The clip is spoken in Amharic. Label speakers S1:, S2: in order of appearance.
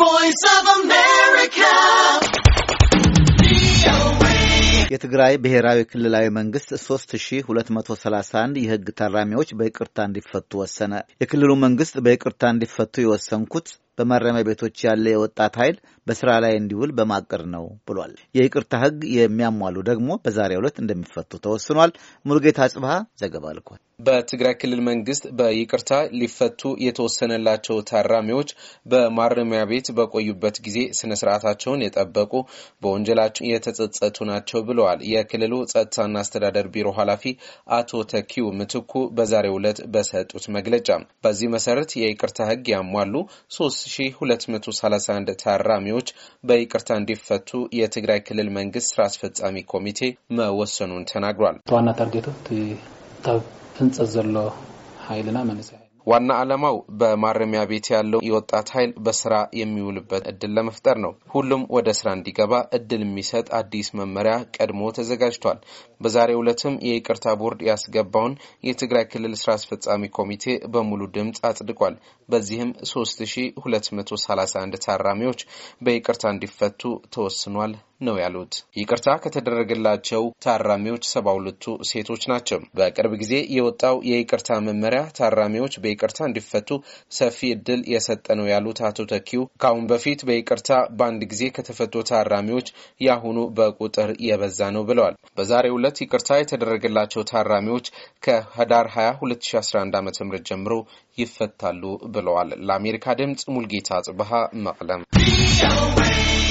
S1: voice የትግራይ ብሔራዊ ክልላዊ መንግስት 3231 የህግ ታራሚዎች በይቅርታ እንዲፈቱ ወሰነ። የክልሉ መንግስት በይቅርታ እንዲፈቱ የወሰንኩት በማረሚያ ቤቶች ያለ የወጣት ኃይል በስራ ላይ እንዲውል በማቀድ ነው ብሏል። የይቅርታ ህግ የሚያሟሉ ደግሞ በዛሬው ዕለት እንደሚፈቱ ተወስኗል። ሙልጌታ ጽብሃ ዘገባ ልኳል።
S2: በትግራይ ክልል መንግስት በይቅርታ ሊፈቱ የተወሰነላቸው ታራሚዎች በማረሚያ ቤት በቆዩበት ጊዜ ስነ ስርዓታቸውን የጠበቁ በወንጀላቸው የተጸጸቱ ናቸው ብለዋል የክልሉ ጸጥታና አስተዳደር ቢሮ ኃላፊ አቶ ተኪው ምትኩ በዛሬው ዕለት በሰጡት መግለጫ። በዚህ መሰረት የይቅርታ ህግ ያሟሉ 3231 ታራሚዎች በይቅርታ እንዲፈቱ የትግራይ ክልል መንግስት ስራ አስፈጻሚ ኮሚቴ መወሰኑን ተናግሯል። ዋና ታርጌቱ ህንፀት ዘሎ ሓይልና መንእሰይ ዋና ዓላማው በማረሚያ ቤት ያለው የወጣት ኃይል በስራ የሚውልበት እድል ለመፍጠር ነው። ሁሉም ወደ ስራ እንዲገባ እድል የሚሰጥ አዲስ መመሪያ ቀድሞ ተዘጋጅቷል። በዛሬው ዕለትም የይቅርታ ቦርድ ያስገባውን የትግራይ ክልል ስራ አስፈጻሚ ኮሚቴ በሙሉ ድምፅ አጽድቋል። በዚህም 3231 ታራሚዎች በይቅርታ እንዲፈቱ ተወስኗል ነው ያሉት። ይቅርታ ከተደረገላቸው ታራሚዎች ሰባ ሁለቱ ሴቶች ናቸው። በቅርብ ጊዜ የወጣው የይቅርታ መመሪያ ታራሚዎች በይቅርታ እንዲፈቱ ሰፊ እድል የሰጠ ነው ያሉት አቶ ተኪው ከአሁን በፊት በይቅርታ በአንድ ጊዜ ከተፈቱ ታራሚዎች የአሁኑ በቁጥር የበዛ ነው ብለዋል። በዛሬው ዕለት ይቅርታ የተደረገላቸው ታራሚዎች ከህዳር 20 2011 ዓ ም ጀምሮ ይፈታሉ ብለዋል። ለአሜሪካ ድምፅ ሙልጌታ ጽብሃ መቅለም